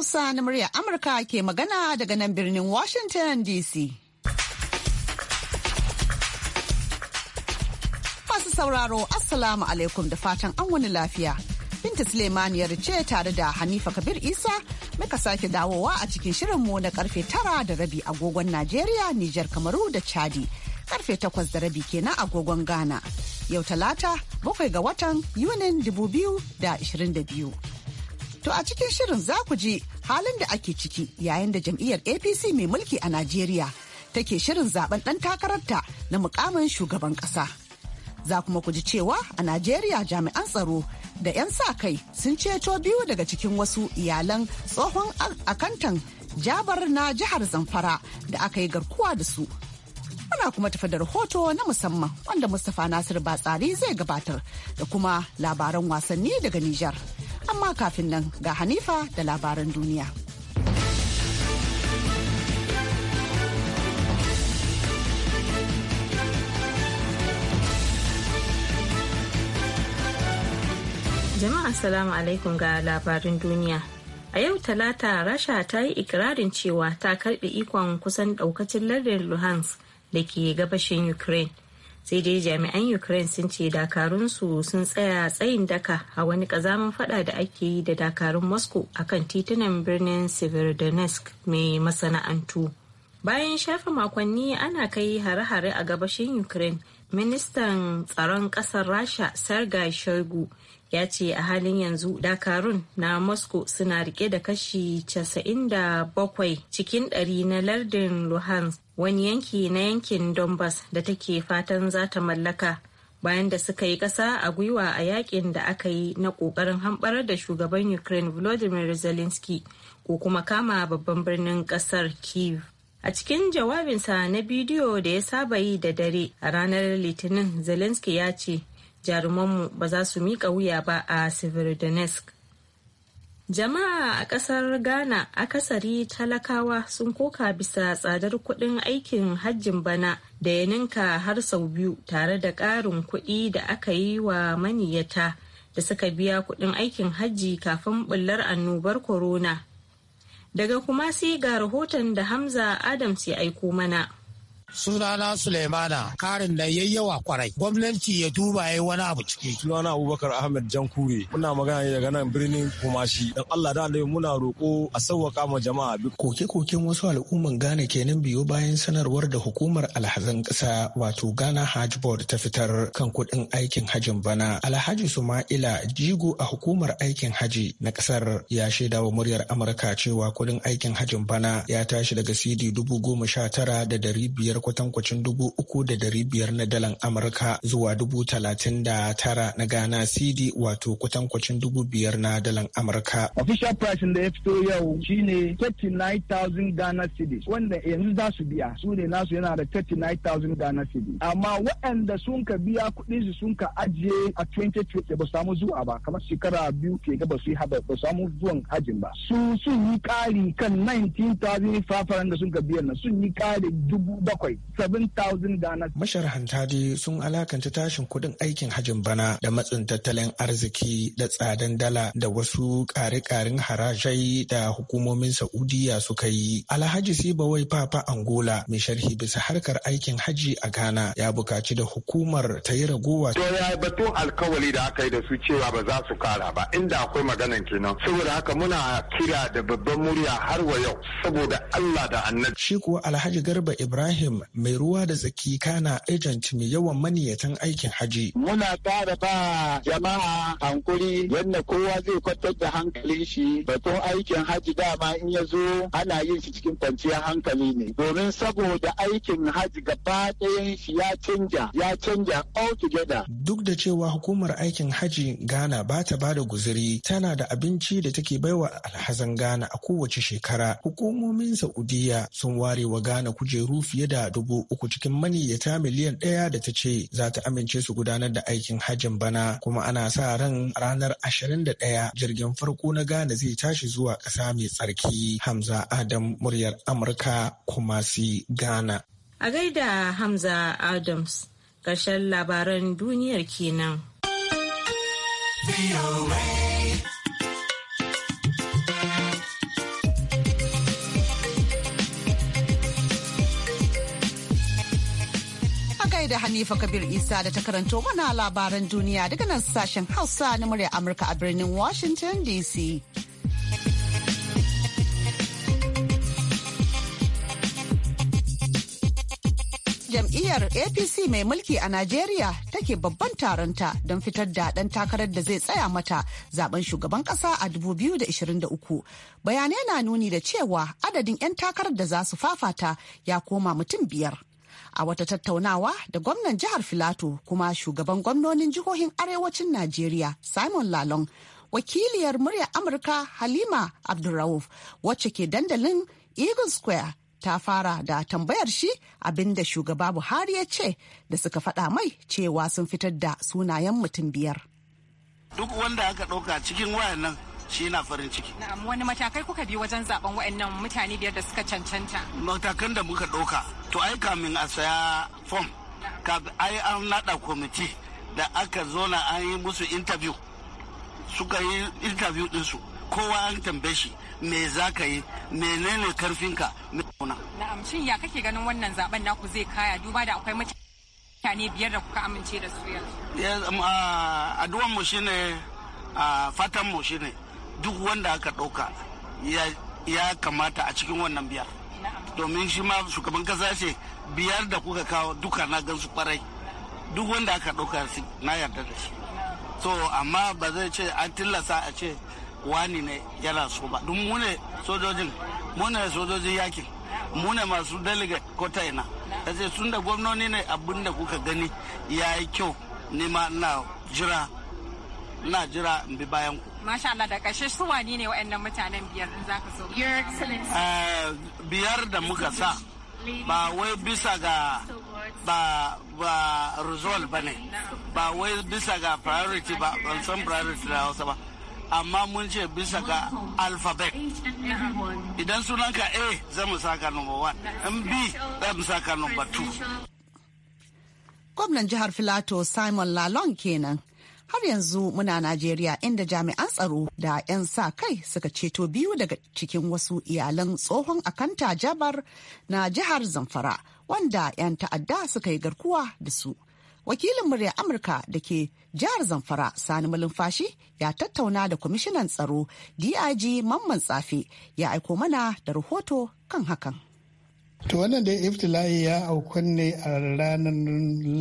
Hausa na murya Amurka ke magana daga nan birnin Washington DC. Masu sauraro, Assalamu alaikum da fatan an wani lafiya. Binta Sulemaniyar ce tare da Hanifa Kabir Isa muka sake dawowa a cikin shirinmu na karfe tara da rabi agogon Najeriya, Nijar, Kamaru da Chadi. Karfe takwas da rabi kenan agogon Ghana. Yau talata bakwai ga watan Yunin 2022. To a cikin shirin za ku ji halin da ake ciki yayin da jam'iyyar APC mai mulki a Najeriya take shirin zaben ɗan takararta na mukamin shugaban ƙasa. Za kuma ku ji cewa a Najeriya jami'an tsaro da 'yan sa kai sun ceto biyu daga cikin wasu iyalan tsohon akantan jabar na jihar Zamfara da aka yi garkuwa da su. Muna kuma tafi da rahoto na musamman wanda Mustapha Nasir Batsari zai gabatar da kuma labaran wasanni daga Nijar. amma kafin nan ga Hanifa da labaran duniya. Jama'a assalamu alaikum ga labarin duniya. A yau talata Rasha ta yi ikirarin cewa ta karbi ikon kusan ɗaukacin lardin Luhansk da ke gabashin Ukraine. sai dai jami'an ukraine sun ce dakarunsu sun tsaya tsayin daka a wani kazamin fada da ake yi da dakarun moscow akan titunan birnin severodonetsk mai masana'antu bayan shafe makonni ana kai hare-hare a gabashin ukraine ministan tsaron ƙasar rasha sergei shoigu ya ce a halin yanzu dakarun na moscow suna rike da kashi 97 cikin 100 na lardin luhansk wani yanki na yankin donbass da take fatan za ta mallaka bayan da suka yi ƙasa a gwiwa a yakin da aka yi na ƙoƙarin hamɓarar da shugaban ukraine volodymyr zelensky ko kuma kama babban birnin ƙasar kiev A cikin jawabinsa na bidiyo da ya saba yi da dare a ranar Litinin, Zelensky ya ce, jarumanmu ba za su miƙa wuya ba a Severodonetsk. Jama'a a ƙasar Ghana akasari talakawa sun koka bisa tsadar kuɗin aikin hajjin bana da ya ninka har sau biyu tare da ƙarin kuɗi da aka yi wa maniyata da suka biya kuɗin aikin hajji kafin bullar annobar corona Daga kuma sai ga rahoton da Hamza Adams ya aiko mana. Sunana Suleimana karin da yayyawa kwarai. Gwamnati ya duba ya wani abu ciki. Sunana Abubakar Ahmed Jankure. Muna magana ne daga nan birnin Kumashi. Dan Allah da Allah muna roƙo a sauwaka ma jama'a. Koke-koken wasu al'umman Ghana kenan biyo bayan sanarwar da hukumar alhazan ƙasa wato Ghana Hajj Board ta fitar kan kuɗin aikin hajjin bana. Alhaji Suma'ila jigo a hukumar aikin haji na ƙasar ya shaida wa muryar Amurka cewa kuɗin aikin hajjin bana ya tashi daga CD dubu goma sha tara da dari biyar da kwatankwacin dubu uku da dari biyar na dalan Amurka zuwa dubu talatin da tara na Ghana CD wato kwatankwacin dubu biyar na dalan Amurka. Official price da ya fito yau shine 39,000 Ghana CD wanda yanzu za su biya su ne nasu yana da 39,000 Ghana CD. Amma waɗanda sun ka biya kuɗin su sun ka ajiye a 2020 ba samu zuwa ba kamar shekara biyu ke ga ba su yi haɓa ba samu zuwan hajin ba. Su sun yi ƙari kan 19,500 da sun ka biyan nan sun yi ƙari dubu bakwai. kawai 7,000 Ghana. Masharhanta dai sun alakanta tashin kuɗin aikin hajin bana da matsin tattalin arziki da tsadan dala da wasu ƙare karen harajai da hukumomin Saudiya suka yi. Alhaji Sibawai Papa Angola mai sharhi bisa harkar aikin haji a Ghana ya buƙaci da hukumar ta yi ragowa. To ya yi batun alkawali da aka yi da su cewa ba za su kara ba inda akwai maganan kenan. Saboda haka muna kira da babban murya har wa yau saboda Allah da annabi. Shi kuwa Alhaji Garba Ibrahim mai ruwa da tsaki kana agent mai yawan maniyatan aikin haji. Muna ƙara ba jama'a hankuri yadda kowa zai kwantar da hankalin shi batun aikin haji dama in ya zo ana yin shi cikin kwanciyar hankali ne. Domin saboda aikin haji gaba ɗayan shi ya canja ya canja altogether. Duk da cewa hukumar aikin haji Ghana ba ta ba da guzuri tana da abinci da take baiwa alhazan Ghana a kowace shekara. Hukumomin Saudiya sun ware wa Ghana kujeru fiye da dubu uku cikin maniyyata miliyan ɗaya da ta ce za ta amince su gudanar da aikin hajjin bana kuma ana sa ran ranar ashirin da ɗaya jirgin farko na Ghana zai tashi zuwa ƙasa mai tsarki Hamza Adam muryar Amurka Kumasi Ghana. A gaida Hamza Adams ƙarshen labaran duniyar kenan. da Hanifa Kabir Isa da ta karanto mana labaran duniya daga nan sashen Hausa na murya Amurka a birnin Washington DC. jam'iyyar apc mai mulki a najeriya take babban taronta don fitar da ɗan takarar da zai tsaya mata zaben shugaban ƙasa a 2023 bayanai na nuni da cewa adadin 'yan takarar da za su fafata ya koma mutum biyar a wata tattaunawa da gwamnan jihar filato kuma shugaban gwamnonin jihohin arewacin najeriya simon lalong wakiliyar murya amurka halima abdulrauf wacce ke dandalin eagle square ta fara da tambayar shi abinda shugaba buhari ya ce da suka faɗa mai cewa sun fitar da sunayen mutum biyar duk wanda aka ɗauka cikin wayannan shi yana farin ciki na'am wani matakai kuka bi wajen zaben waɗannan mutane biyar da suka cancanta matakan da muka ɗauka to ai kamin a saya fom ai an naɗa kwamiti da aka zo na an yi musu interview suka yi interview ɗinsu kowa an tambaye shi me za ka yi menene karfinka me kuna na'am shin ya kake ganin wannan zaben naku zai kaya duba da akwai mutane biyar da kuka amince da su yanzu um, addu'an mu shine fatan mu shine duk wanda aka ɗauka ya kamata a cikin wannan biyar domin shi ma shugaban kasa ce biyar da kuka kawo duka na gansu kwarai duk wanda aka ɗauka na yarda da shi so amma ba zai ce an tilasta a ce wani ne yana so ba duk mu sojojin mu ne sojojin yakin mu ne masu delegate ko ta ina ta ce da gwamnoni ne abin da kuka gani ya yi kyau ma na jira na jira in bi bayan ku Masha Allah da ƙarshe su wani ne waɗannan mutanen biyar in za ka so. Your Excellency. Eh, biyar da muka sa ba wai bisa ga ba ba result ba ne ba wai bisa ga priority ba ban san priority da hausa ba amma mun ce bisa ga alphabet idan sunanka a zai mu saka number one in b zai mu saka number two gwamnan jihar filato simon lalong kenan har yanzu muna najeriya inda jami'an tsaro da 'yan sa kai suka ceto biyu daga cikin wasu iyalan tsohon akanta jabar na jihar zamfara wanda 'yan ta'adda suka yi garkuwa da su wakilin murya amurka da ke jihar zamfara sani malumfashi ya tattauna da kwamishinan tsaro dig mamman tsafe ya aiko mana da rahoto kan hakan To wannan da iftila'i ya aukun ne a ranar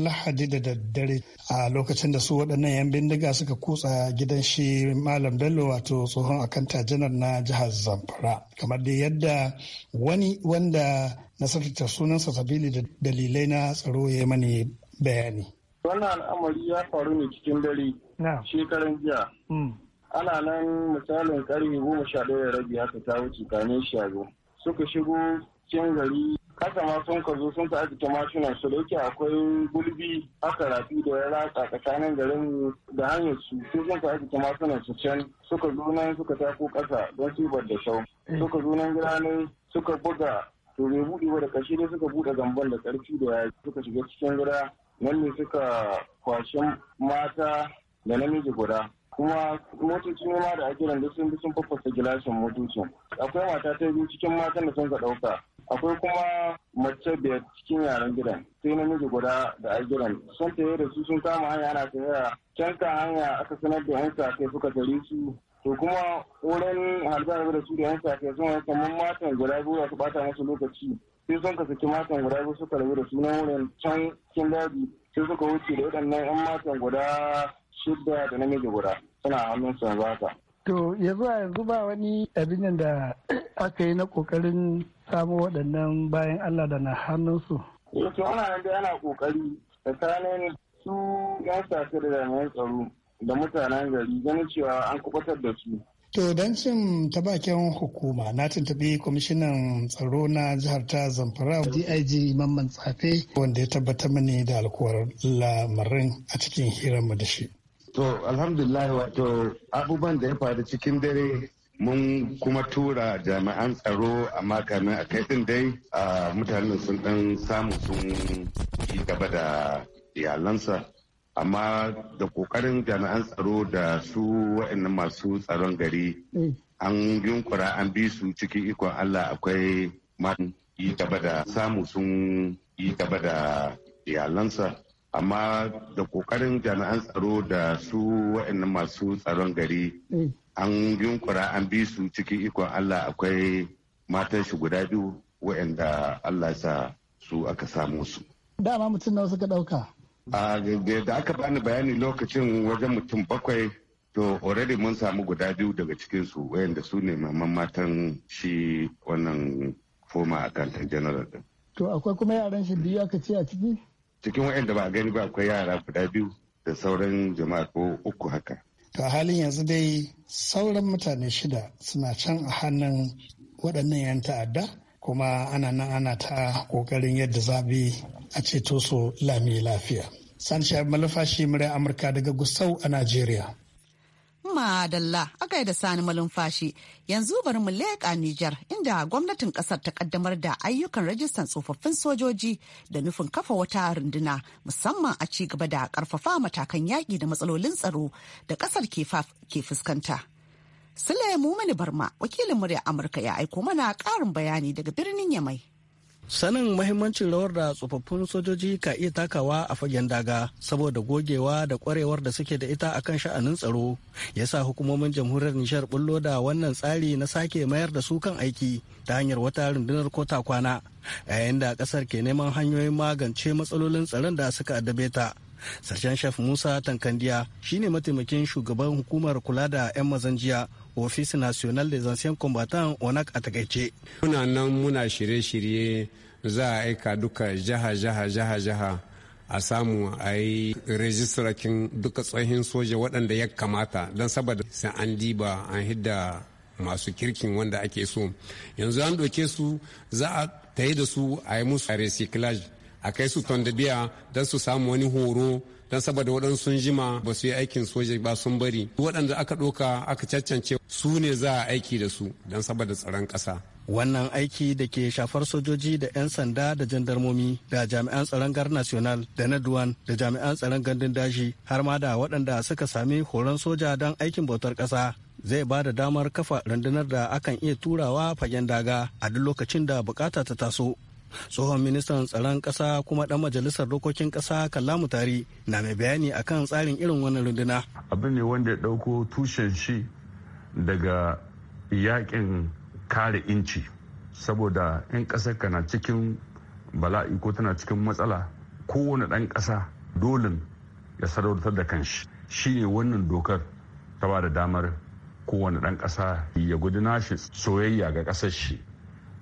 Lahadi da daddare a lokacin da su waɗannan 'yan bindiga suka kutsa gidan shi Malam Bello wato tsohon akanta janar na jihar Zamfara. Kamar da yadda wani wanda na sarrafa sunansa sabili da dalilai na tsaro ya mani bayani. Wannan al'amari ya faru ne cikin dare shekaran jiya. Hmm. Ana nan misalin karfe goma sha ɗaya rabi haka ta wuce kane shago. Suka shigo cikin gari kasama sun ka zo sun ka arziki mashina su dauke akwai gulbi aka rafi da ya ratsa tsakanin garin da hanyar su sai sun ka arziki mashina su can suka zo nan suka tako kasa don tubar da shau suka zo nan gida ne suka buga to bai buɗe ba da ƙarshe ne suka buɗe gamban da ƙarfi da ya suka shiga cikin gida nan ne suka kwashi mata da namiji guda kuma motoci ne da ake da sun bi sun fafasa gilashin motocin akwai mata ta biyu cikin matan da sun ka ɗauka akwai kuma mace biyar cikin yaren gidan sai namiji guda da a gidan sun taye da su sun kama hanya ana tafiya can hanya aka sanar da yan sa kai suka tare su to kuma wurin halbar da su da yan sa kai sun wani kamar matan guda biyu su bata musu lokaci sai sun ka saki matan guda biyu suka rabu da sunan wurin can cikin daji sai suka wuce da waɗannan yan matan guda shidda da namiji guda suna hannun su yanzu haka. To yanzu a yanzu ba wani abin da aka yi na kokarin samo waɗannan bayan Allah da na hannunsu. Yake eh, ana nan da ana kokari tsakanin su yan sace da jami'an tsaro da mutanen gari ganin cewa an kubatar da su. To don cin ta bakin hukuma na tuntuɓi kwamishinan tsaro na jihar ta Zamfara DIG Mamman Tsafe wanda ya tabbatar mani da alkuwar lamarin a cikin mu da shi. To alhamdulillah wato abubuwan da ya faru cikin dare mun kuma tura jami'an tsaro amma makamin a kai din dai a mutanen sun dan samu sun yi gaba da iyalansa amma da kokarin jami'an tsaro da su wa'annan masu tsaron gari mm. an yunkura an bi su cikin ikon allah akwai man yi gaba da samu sun yi gaba da iyalansa amma da kokarin jami'an tsaro da su wa'annan masu tsaron gari mm. an yunkura an bi su cikin ikon allah akwai matan shi guda biyu wa'anda allah sa su aka samu su dama mutum na wasu dauka a da aka bani bayani lokacin wajen mutum bakwai to already mun samu guda biyu daga cikinsu wa'anda su ne mamman matan shi wannan foma akantan general to akwai kuma yaran shi biyu aka ce a ciki cikin waɗanda ba a gani ba akwai yara guda biyu da sauran jama'a ko uku haka to a halin yanzu dai sauran mutane shida suna can a hannun waɗannan 'yan ta'adda kuma ana nan ana ta ƙoƙarin yadda zaɓe a ceto su lami lafiya. Sanshiyar malafashi murai Amurka daga Gusau a Najeriya. Madalla yi da sani malumfashi yanzu bari mu leƙa Nijar inda gwamnatin ƙasar ta ƙaddamar da ayyukan rajistan tsofaffin sojoji da nufin kafa wata runduna musamman a ci gaba da ƙarfafa matakan yaƙi da matsalolin tsaro da ƙasar ke fuskanta. Sule mani Barma wakilin murya Amurka ya aiko mana ƙarin bayani daga birnin Yamai. Sanin mahimmancin rawar da tsofaffin sojoji ka iya takawa a fagen daga saboda gogewa da kwarewar da suke da ita a kan sha'anin tsaro ya sa hukumomin jamhuriyar Nishar bullo da wannan tsari na sake mayar da su kan aiki ta hanyar wata rundunar kota kwana yayin da kasar ke neman hanyoyin magance matsalolin tsaron da suka addabe ta. Sarjan Shaf Musa Tankandiya shine mataimakin shugaban hukumar kula da 'yan mazan jiya Office National des Anciens Combattants onak a takaice. Muna nan muna shirye-shirye za a aika duka jaha-jaha jaha-jaha a samu a yi rajistarakin duka tsohin soja waɗanda ya kamata don saboda sai an diba an hidda masu kirkin wanda ake so yanzu an ɗauke su za a tayi da su a yi musu recyclage a kai su tondabiya don su samu wani horo don saboda waɗansu sun jima ba su yi aikin soja ba sun bari waɗanda aka ɗoka aka cancance su ne za a aiki da su don saboda tsaron ƙasa wannan aiki da ke shafar sojoji da 'yan sanda da jandarmomi da jami'an tsaron gar national da na duwan da jami'an tsaron gandun daji har ma da waɗanda suka sami horon soja don aikin bautar ƙasa zai ba da damar kafa rundunar da akan iya turawa fagen daga a duk lokacin da bukata ta taso tsohon ministan tsaron ƙasa kuma ɗan majalisar dokokin ƙasa kallamu tari na mai bayani akan tsarin irin wannan runduna abin ne wanda ya ɗauko tushen shi daga yakin kare inci saboda in ƙasar ka na cikin bala'i ko tana cikin matsala kowane ɗan ƙasa dole ya sadautar da kanshi shi ne wannan dokar ta ba da damar kowane ɗan ƙasa ya gudu shi soyayya ga ƙasar shi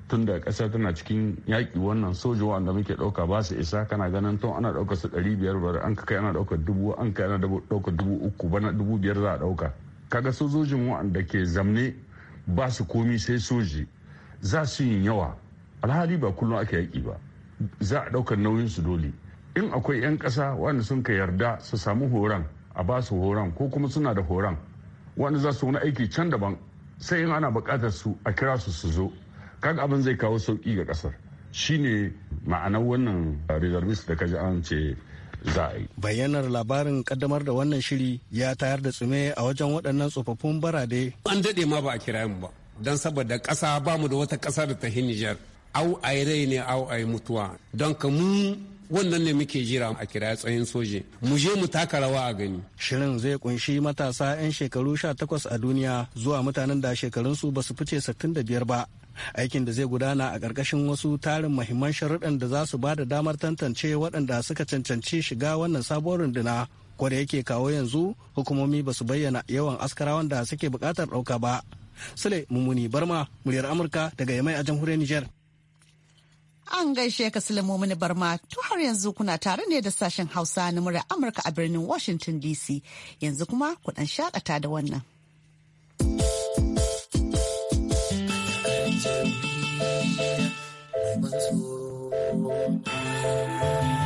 tunda ƙasa tana cikin yaƙi wannan soja wanda muke ɗauka ba su isa kana ganin tun ana ɗauka su ɗari biyar ba an kai ana ɗauka dubu an kai ana ɗauka dubu uku bana dubu biyar za a ɗauka kaga sojojin wanda ke zamne ba su komi sai soji za su yin yawa alhali ba kullum ake yaƙi ba za a ɗaukar nauyin su dole in akwai 'yan ƙasa wanda sun ka yarda su samu horon a ba su horon ko kuma suna da horon wanda za su wani aiki can daban sai in ana buƙatar su a kira su su zo kaga abin zai kawo sauki ga kasar shine ma'anar wannan reservist da kaji an ce za a bayyanar labarin kaddamar da wannan shiri ya tayar da tsume a wajen waɗannan tsofaffin barade an daɗe ma ba a kira mu ba don saboda ƙasa ba mu da wata ƙasa da ta nijar au a rai ne au a mutuwa don ka mu wannan ne muke jira a kira tsayin soje mu je mu taka rawa a gani shirin zai kunshi matasa 'yan shekaru 18 a duniya zuwa mutanen da shekarunsu ba su fice 65 ba aikin da zai gudana a ƙarƙashin wasu tarin mahimman sharuɗan da za su ba da damar tantance waɗanda suka cancanci shiga wannan sabuwar runduna ko yake kawo yanzu hukumomi ba su bayyana yawan askarawan da suke buƙatar ɗauka ba sule mummuni barma muryar amurka daga yamai a jamhuriyar niger an gaishe ka sule mummuni barma to har yanzu kuna tare ne da sashen hausa na muryar amurka a birnin washington dc yanzu kuma ku shakata da wannan was full.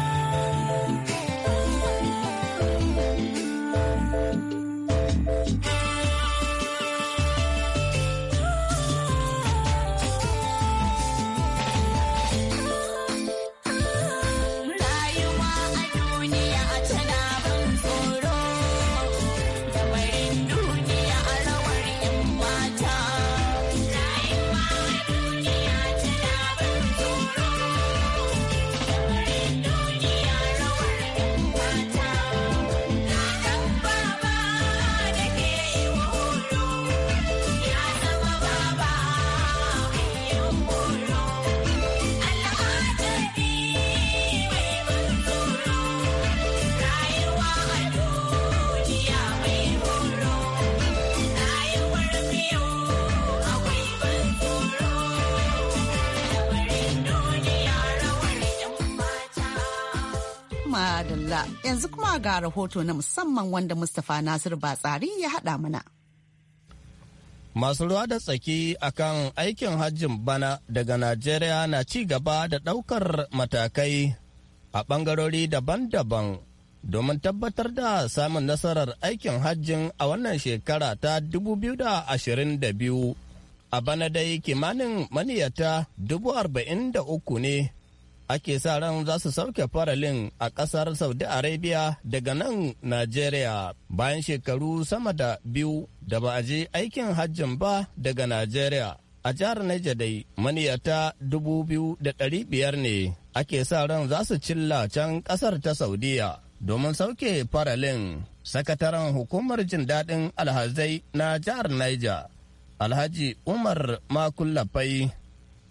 zuwa ga rahoto na musamman wanda Mustapha Nasiru Batsari ya haɗa mana. Masu ruwa da tsaki akan aikin hajjin bana daga Najeriya na ci gaba da ɗaukar matakai a ɓangarori daban-daban domin tabbatar da samun nasarar aikin hajjin a wannan shekara ta 2022. A bana dai kimanin maniyata uku ne ake sa ran za su sauke faralin a ƙasar saudi arabia daga nan nigeria bayan shekaru sama da biyu da ba a je aikin hajjin ba daga nigeria a jihar Niger dai maniyata dubu biyu da ɗari biyar ne ake sa ran za su cilla can ƙasar ta saudiya domin sauke faralin sakataren hukumar jin daɗin alhazai na jihar Niger alhaji umar makullafai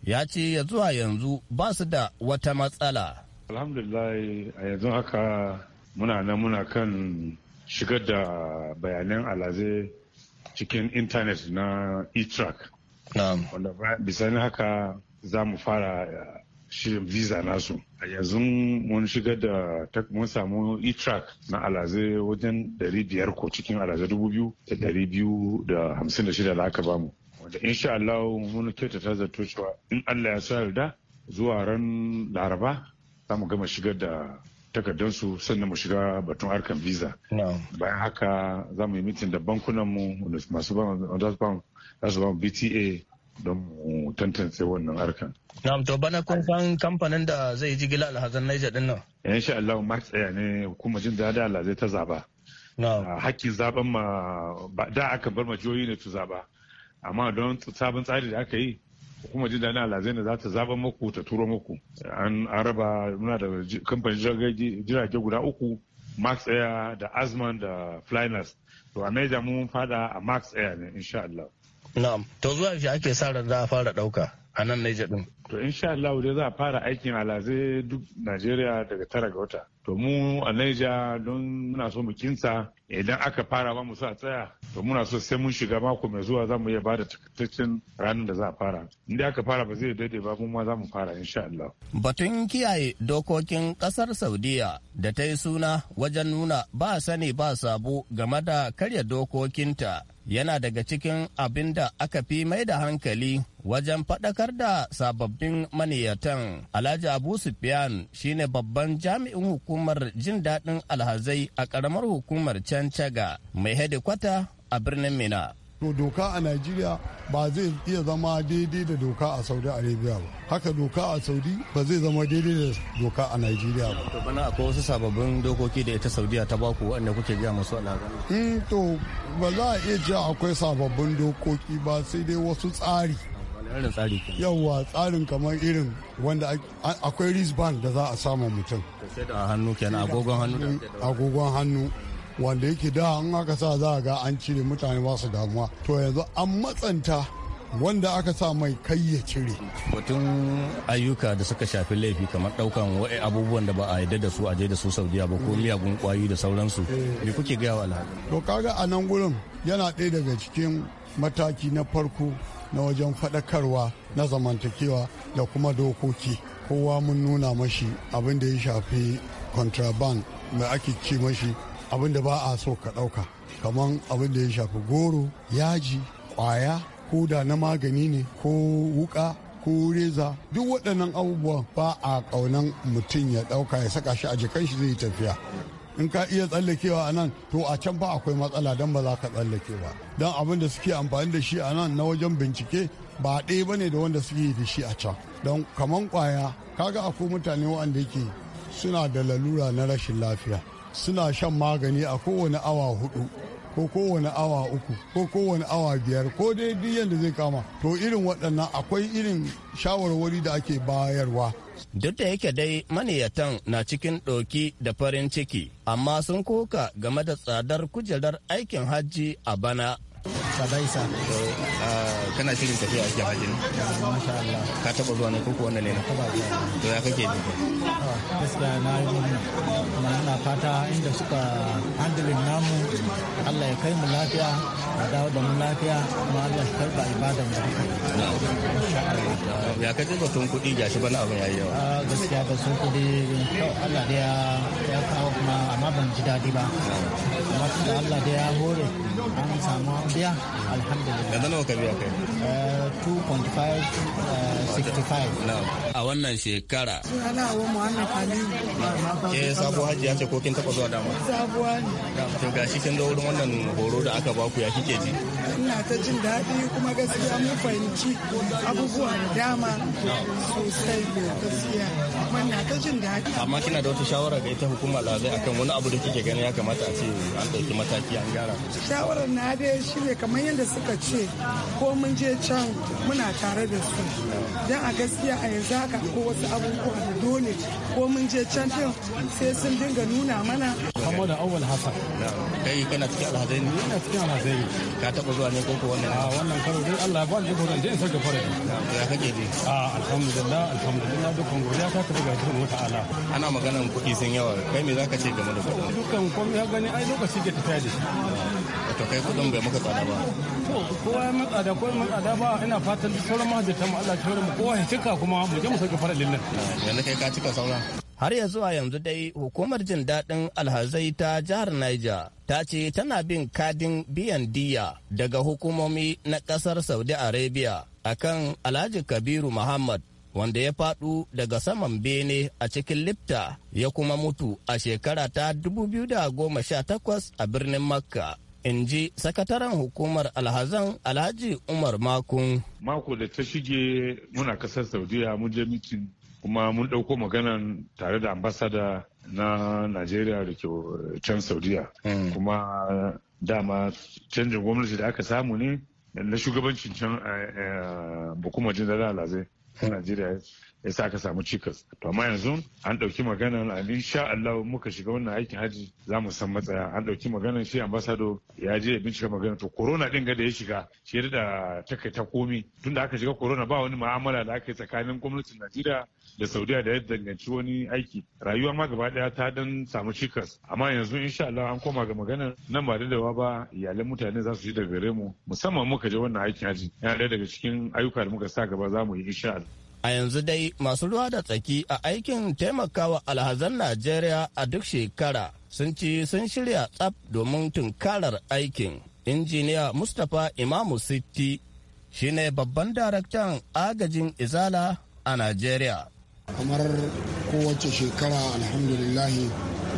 ya ce ya zuwa yanzu ba su da wata matsala. Alhamdulillah a yanzu haka muna nan muna kan shigar da bayanan alaze cikin intanet na e-track. Wanda bisani haka za mu fara eh, shirin visa nasu. A yanzu mun shigar da mun samu e-track na alaze wajen 500 ko cikin alaze 2,256 da aka bamu. insha Allah mun ta zato cewa in Allah ya sa yarda zuwa ran Laraba za mu gama shigar da su sannan mu shiga batun harkan visa. Bayan haka za mu yi mitin da bankunan mu masu ba za su ba BTA don mu tantance wannan harkan. Na'am to bana kun san kamfanin da zai gila alhazan Niger din nan. Insha Allah ma tsaya ne kuma jin da Allah zai ta zaba. Na'am. Hakkin zaben ma da aka bar majoyi ne tu zaba. amma don sabon tsari da aka yi hukumar ji dani alhazai za ta zaba muku ta turo muku an raba muna da kamfanin jirage guda uku max air da azman da flynas to a naija mun fada a max air ne insha Allah. na'am to zuwa yaushe ake sa ran za a fara dauka a nan naija din to insha Allah dai za a fara aikin alaze duk Najeriya daga tara ga wata to mu a Naija don muna so mu kinsa idan aka fara ba mu sa tsaya to muna so sai mun shiga mako mai zuwa za mu iya bada takaitaccen ranar da za a fara inda aka fara ba zai daidai ba kuma za mu fara insha Allah batun kiyaye dokokin kasar Saudiya da ta yi suna wajen nuna ba sani ba sabo game da karya dokokinta yana daga cikin abin da aka fi mai da hankali wajen faɗakar da sababbin ɗin maniyatan. Alhaji Abu Sufyan shine babban jami'in hukumar jin daɗin alhazai a ƙaramar hukumar Cancaga mai hedikwata a birnin Mina. To doka a Najeriya ba zai iya zama daidai da doka a Saudi Arabia ba. Haka doka a Saudi ba zai zama daidai da doka a Najeriya ba. To bana akwai wasu sababbin dokoki da ita Saudiya ta baku wanda kuke biya masu alaƙa. Hmm, to ba za a iya cewa akwai sababbin dokoki ba sai dai wasu tsari. irin tsarin kamar irin wanda akwai wristband da za a sama mutum agogon hannu wanda yake da an aka sa za a ga an cire mutane ba su damuwa to yanzu an matsanta wanda aka sa mai kai ya cire. Batun ayyuka da suka shafi laifi kamar daukan wa'i abubuwan da ba a yarda da su a je da su Saudiya ba ko miyagun kwayoyi da sauransu. Eh. Me kuke gaya wa To kaga a nan gurin yana ɗaya daga cikin mataki na farko na wajen faɗakarwa na zamantakewa da kuma dokoki kowa mun nuna mashi abin da ya shafi contraband mai ake ce mashi abin da ba a so ka ɗauka kamar abin da ya shafi goro yaji kwaya ko da na magani ne ko wuka ko reza duk waɗannan abubuwan ba a ƙaunan mutum ya ɗauka ya saka shi a jikan shi zai tafiya in ka iya tsallakewa a nan to a can ba akwai matsala don ba za ka tsallake ba don abin da suke amfani da shi a nan na wajen bincike ba ɗaya ba ne da wanda suke da shi a can don kaman kwaya kaga akwai mutane waɗanda yake suna da lalura na rashin lafiya suna shan magani a kowane awa hudu ko kowane awa uku ko kowane awa biyar ko dai duk yadda zai kama to irin waɗannan akwai irin shawarwari da ake bayarwa Duk da yake dai maniyatan na cikin ɗoki da farin ciki, amma sun koka game da tsadar kujerar aikin hajji a bana Badaisa. Eh, kana shirin tafiya a jihar Jini? Masha Allah. Ka taɓa zuwa ne ko kuwa wannan ne? na? taɓa zuwa. To ya kake ji? Ah, gaskiya na yi mun Kuma ina fata inda suka handling namu Allah ya kai mu lafiya a dawo da mu lafiya kuma Allah ya karɓa ibada mu duka. Ya kaje batun kuɗi gashi bana abin yayi yawa. Ah, gaskiya batun kuɗi Allah da ya kawo amma ban ji daɗi ba amma da Allah da ya hore an samu biya alhamdulillah yanzu nawa ka biya kai 2.565 eh, a wannan shekara sunana wa Muhammad Khalil eh, ke sabuwa hajji ya ce ko kin taba zuwa dama sabuwa ne to gashi kin zo wurin wannan horo da aka baku ya kike ji ina ta jin daɗi kuma gaskiya mun fahimci abubuwa da dama sosai gaskiya ina ta jin daɗi amma kina da wata shawara ga ita hukuma lazai akan wani abu da kike ganin ya kamata a ce an ɗauki mataki an gyara shawarar na dai shi ne kamar yadda suka ce ko mun je can muna tare da su don a gaskiya a yanzu haka ko wasu abubuwa da dole ko mun je can din sai sun dinga nuna mana da Awal Hassan. Kai kana cikin alhazai ne? Ina cikin alhazai. Ka taɓa zuwa ne ne ko ko a wannan karo dai Allah ya ba ni ko dan dai sarka fara ya kake dai a alhamdulillah alhamdulillah dukkan godiya ta ka daga cikin wata ala ana maganan kuɗi sun yawa kai me zaka ce game da kuɗi dukkan komai ya gani ai lokaci ke ta tashi to kai kuɗin bai maka tsada ba to kowa ya matsa da kowa matsa da ba ina fatan duk sauran mahajjata mu Allah ya shawara mu kowa ya cika kuma mu je mu sarka fara lillahi yanzu kai ka cika sauran har ya zuwa yanzu dai hukumar jin daɗin alhazai ta jihar Niger ta ce tana bin kadin biyan diya daga hukumomi na ƙasar Saudi Arabia akan Alhaji Kabiru Muhammad wanda ya faɗu daga saman bene a cikin lifta ya kuma mutu a shekara ta 2018 a birnin Makka. in ji sakataren hukumar alhazan alhaji umar makun mako da ta shige muna kasar saudiya mun je mitin kuma mun ɗauko maganan tare da ambasada na najeriya da ke can saudiya hmm. kuma dama canjin gwamnati da aka samu ne na shugabancin can bukuma eh, eh, jin daɗin alazai hmm. najeriya ya sa aka samu cikas to amma yanzu an ɗauki maganan a sha Allah muka shiga wannan aikin haji za mu san matsaya an ɗauki maganan shi ambasado ya je ya bincika maganan to corona din ga da ya shiga shi da ta komi tunda aka shiga corona ba wani ma'amala da aka yi tsakanin gwamnatin Najeriya da saudiya da ya danganci wani aiki rayuwa ma gaba daya ta dan samu cikas amma yanzu insha Allah an koma ga magana nan ba da dawa ba iyalan mutane za su ji daga gare mu musamman muka je wannan aikin haji yana daya daga cikin ayyuka da muka sa gaba za mu yi insha Allah A yanzu dai masu ruwa da tsaki a aikin taimakawa alhazan Najeriya a duk shekara sun ci sun shirya tsaf domin tunkarar aikin. Injiniya Mustapha Imamu Sitti shine babban daraktan agajin Izala a Najeriya. kamar kowace shekara alhamdulillahi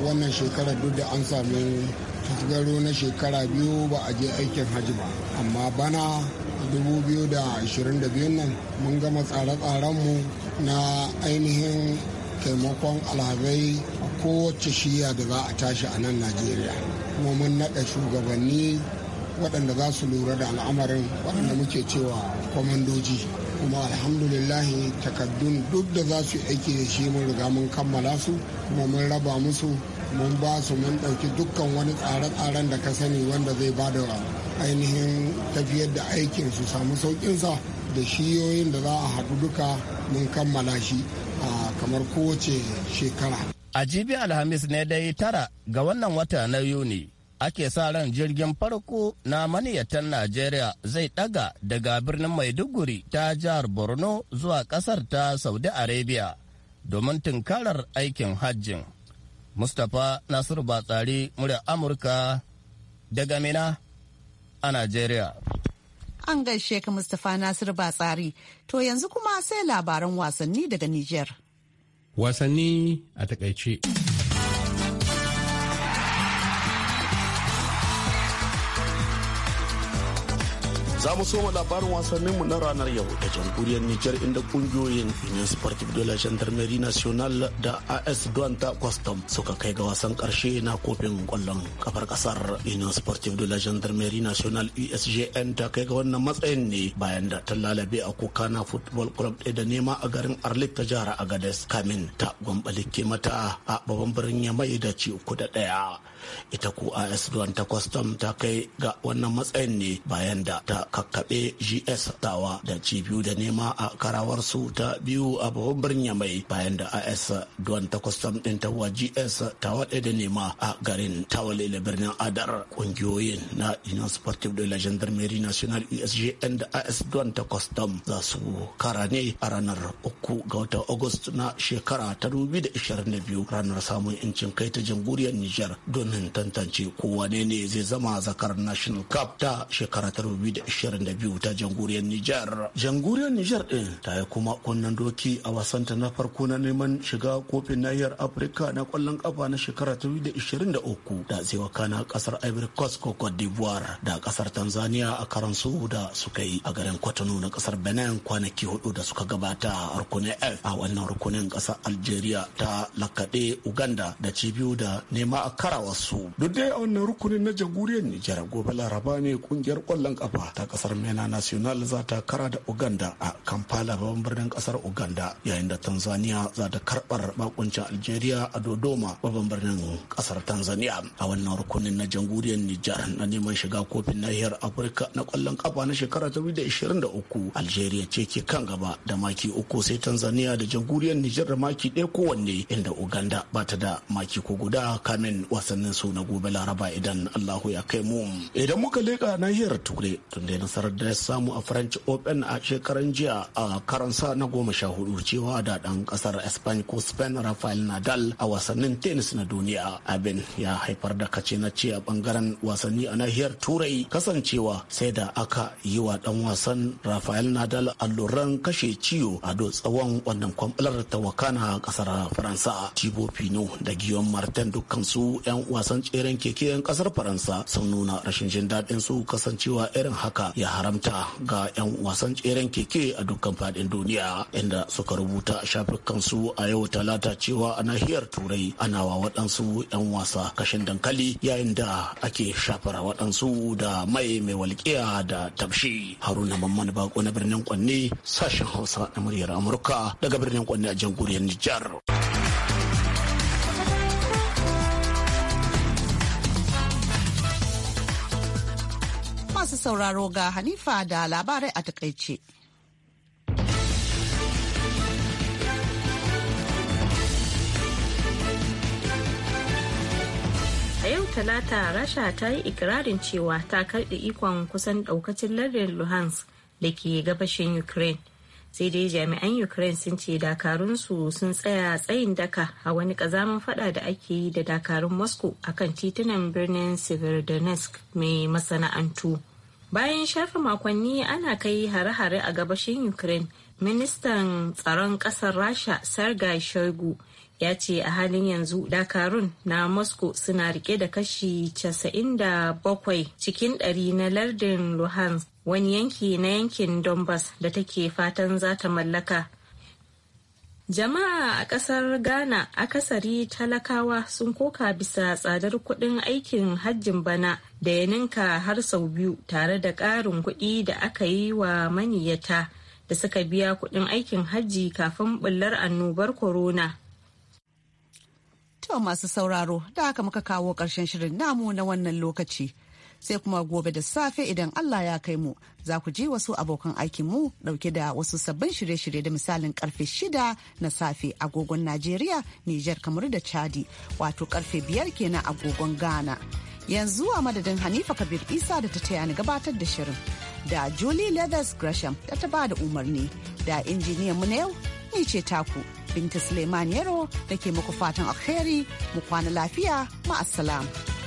wannan shekara duk da an sami tasgaro na shekara biyu ba a je aikin hajji ba amma bana 2022 nan mun gama tsare-tsarenmu na ainihin taimakon alhazai a kowace shiya da za a tashi a nan najeriya kuma mun naɗa shugabanni waɗanda za su lura da al'amarin waɗanda muke cewa kwamandoji kuma lillahi takaddun duk da za su aiki da shi mun riga mun kammala su kuma mun raba musu mun ba su mun ɗauki dukkan wani tsare-tsaren da ka sani wanda zai ba da ainihin tafiyar da aikin su samu sauƙinsa da shiyoyin da za a haɗu duka mun kammala shi a kamar kowace shekara. A jibi Alhamis ne dai tara ga wannan wata na Yuni ake sa ran jirgin farko na maniyatan Najeriya zai daga daga birnin Maiduguri ta jihar Borno zuwa kasar ta Saudi Arabia domin tunkarar aikin hajjin. Mustapha Nasiru Batsari murya Amurka daga Mina a Najeriya. An gaishe ka Mustapha Nasiru Batsari, to yanzu kuma sai labaran wasanni daga Nijar. Wasanni a takaice. Za mu soma labarin wasannin mu na ranar yau da jamhuriyar Nijar inda kungiyoyin Union Sportive de la Gendarmerie Nationale da AS Duanta ta Custom suka kai ga wasan karshe na kofin kwallon kafar kasar Union Sportive de la Gendarmerie Nationale USGN ta kai ga wannan matsayin ne bayan da ta lalabe a Kukana Football Club ɗaya da nema a garin Arlit ta jihar Agades kamin ta gwambalike mata a babban birnin Yamai da ci uku da ɗaya. ita ku as1 ta custom ta kai ga wannan matsayin ne bayan da ta kakkaɓe gs tawa da cibiyu da nema a karawarsu ta biyu a babban birnin mai bayan da as duwan ta custom ɗin ta wa gs tawa ɗaya da nema a garin tawalele birnin adar ƙungiyoyin na union sportive de la gendarmerie nationale usgn da as duwan ta custom za su kara ne a ranar uku ga watan agust na shekara ta 2022 ranar samun incin kai ta jamhuriyar niger don domin tantance ko wane ne zai zama zakar national cup ta shekara ta 2022 ta jamhuriyar nijar jamhuriyar nijar din ta yi kuma kunnen doki a wasanta na farko na neman shiga kofin nahiyar afirka na kwallon kafa na shekara ta 2023 da zai wakana kasar ivory coast ko cote d'ivoire da kasar tanzania a karan su da suka yi a garin kwatano na kasar benin kwanaki hudu da suka gabata a rukunin f a wannan rukunin kasar algeria ta lakaɗe uganda da cibiyu da nema a karawa su duk dai a wannan rukunin na jamhuriyar nijar gobe laraba ne kungiyar kwallon kafa ta kasar mena national za ta kara da uganda a kampala babban birnin kasar uganda yayin da tanzania za ta karbar bakuncin algeria a dodoma babban birnin kasar tanzania a wannan rukunin na jamhuriyar nijar na neman shiga kofin nahiyar afirka na kwallon kafa na shekara 2023 algeria ce ke kan gaba da maki uku sai tanzania da jamhuriyar nijar da maki ɗaya kowanne inda uganda ba ta da maki ko guda kamin wasannin gabanin su na gobe laraba idan allahu ya kai mu idan muka leƙa nahiyar turai tun da nasarar da ya samu a french open a shekaran jiya a karansa na goma sha hudu cewa da ɗan ƙasar spain ko spain rafael nadal a wasannin tennis na duniya abin ya haifar da kace na ce a bangaren wasanni a nahiyar turai kasancewa sai da aka yi wa dan wasan rafael nadal alluran kashe ciwo a do tsawon wannan kwamfular ta wakana kasar faransa thibaut Pinot da guillaume martin dukkansu yan wasan wasan tseren keke 'yan kasar faransa sun nuna rashin jin daɗin su kasancewa irin haka ya haramta ga 'yan wasan tseren keke a dukkan faɗin duniya inda suka rubuta a shafukan su a yau talata cewa a nahiyar turai ana wa waɗansu 'yan wasa kashin dankali yayin da ake shafara waɗansu da mai mai walƙiya da tamshi haruna mamman bako na birnin kwanne sashen hausa na muryar amurka daga birnin kwanne a jamhuriyar nijar. sauraro ga Hanifa da labarai a takaice. A yau Talata, Rasha ta yi ikirarin cewa ta karɗe ikon kusan ɗaukacin lardin Luhansk da ke gabashin Ukraine. Sai dai jami'an Ukraine sun ce dakarunsu sun tsaya tsayin daka a wani ƙazaman fada da ake yi da dakarun Moscow akan titunan birnin Severodonetsk mai masana'antu. bayan shafe makonni ana kai hare-hare a gabashin ukraine ministan tsaron kasar rasha sergei shoigu ya ce a halin yanzu dakarun na moscow suna rike da kashi 97 cikin 100 na lardin luhansk wani yanki na yankin donbass da take fatan za ta mallaka Jama'a a kasar Ghana akasari talakawa sun koka bisa tsadar kuɗin aikin hajjin bana da ya ninka har sau biyu tare da ƙarin kuɗi da aka yi wa maniyata da suka biya kuɗin aikin hajji kafin bullar annobar corona. To masu sauraro da haka muka kawo ƙarshen shirin namu na wannan lokaci. sai kuma gobe da safe idan Allah ya kai mu za ku ji wasu abokan aikin mu dauke da wasu sabbin shirye-shirye da misalin karfe shida na safe agogon Najeriya, Nijar, kamar da Chadi wato karfe biyar kenan agogon Ghana. Yanzu a madadin Hanifa Kabir Isa da ta taya ni gabatar da shirin da Julie Leathers Gresham da ta bada umarni da injiniyan mu na yau ni ce taku Binta Suleiman yero da ke muku fatan alheri mu kwana lafiya ma'assalam.